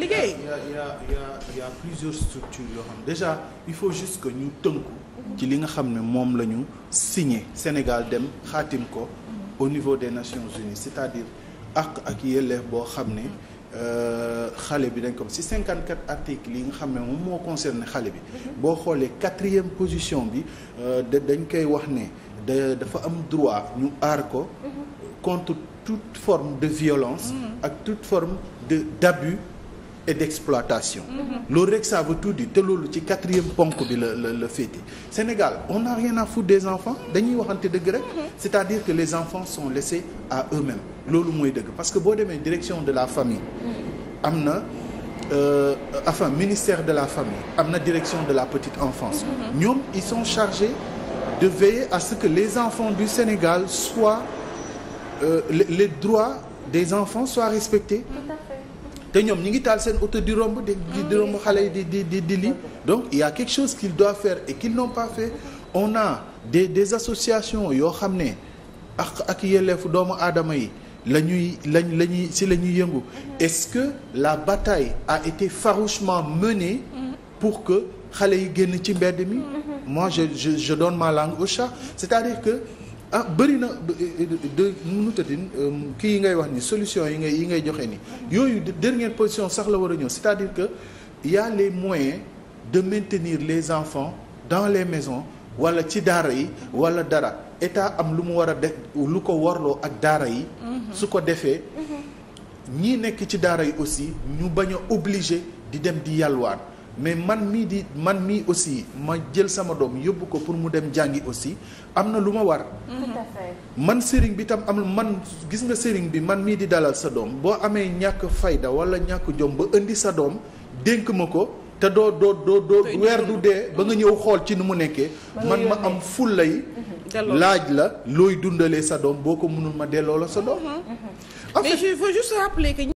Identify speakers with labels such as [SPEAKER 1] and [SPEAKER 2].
[SPEAKER 1] liggéey il y a il y a il faut juste que ñu tënku ci li nga xam ne moom la ñu signé Sénégal dem xaatim ko au niveau des Nations Unies cest a dire ak ak yelleef boo xam ne euh, xale bi dañ ko ci 54 articles yi nga xam ne moom moo concerné xale bi boo xoolee quatrième position bi euh, dañ koy wax ne da dafa am droit ñu aar ko mhm. contre toute forme de violence mhm. ak toute forme de d'abus et d'exploitation. Mm-hmm. loolu rek ça tout dire te ci quatrième ponk bi la la la féete Sénégal on n'a rien à foutre des enfants dañuy waxante dëgg rek. Mm-hmm. c'est-à-dire que les enfants sont laissés à eux-mêmes loolu mooy dëgg parce que boo demee direction de la famille. Mm-hmm. am na euh, enfin ministère de la famille am na direction de la petite enfance. ñoom ils sont chargés de veiller à ce que les enfants du Sénégal soient euh, les, droits des enfants soient respectés. Tout te ñoom ñi ngi taal seen oto di romb di di romb xale yi di di di di lii donc il y a quelque chose qu'ils doivent faire et qu'ils n'ont pas fait on a des des associations yoo xam ne ak ak yelleefu doomu aadama yi la ñuy lañ la ñuy si la ñuy yëngu est-ce que la batay a été farouchement menée pour que xale yi génn ci mbedd mi mm-hmm. moi je je je donne ma langue au chat c'est-à-dire que ah bëri na de nu tëddin euh, kii yi ngay wax ni solution yi ngay yi ngay joxe ni yooyu dernière position sax la war a ñëw c'est-à-dire que yaa a les moyens de maintenir les enfants dans les maisons wala ci daara yi wala dara état am lu mu war a def lu ko warloo ak daara yi mhm. su ko defee mhm. ñi nekk ci daara yi aussi ñu bañ a obligé di dem di yalwaan mais man mii di man mii aussi ma jël sama doom yóbbu ko pour mu dem jàngi aussi am na lu ma war. man sëriñ bi tam am man gis nga sëriñ bi man mii di dalal sa doom boo amee ñàkk fayda wala ñàkk jom ba indi sa doom dénk ma ko te doo doo doo doo weer du dee ba nga ñëw xool ci ni mu nekkee. man ma am fullay mhm. laaj la looy dundalee sa doom boo ko mënul ma delloo la sa doom. Mhm. en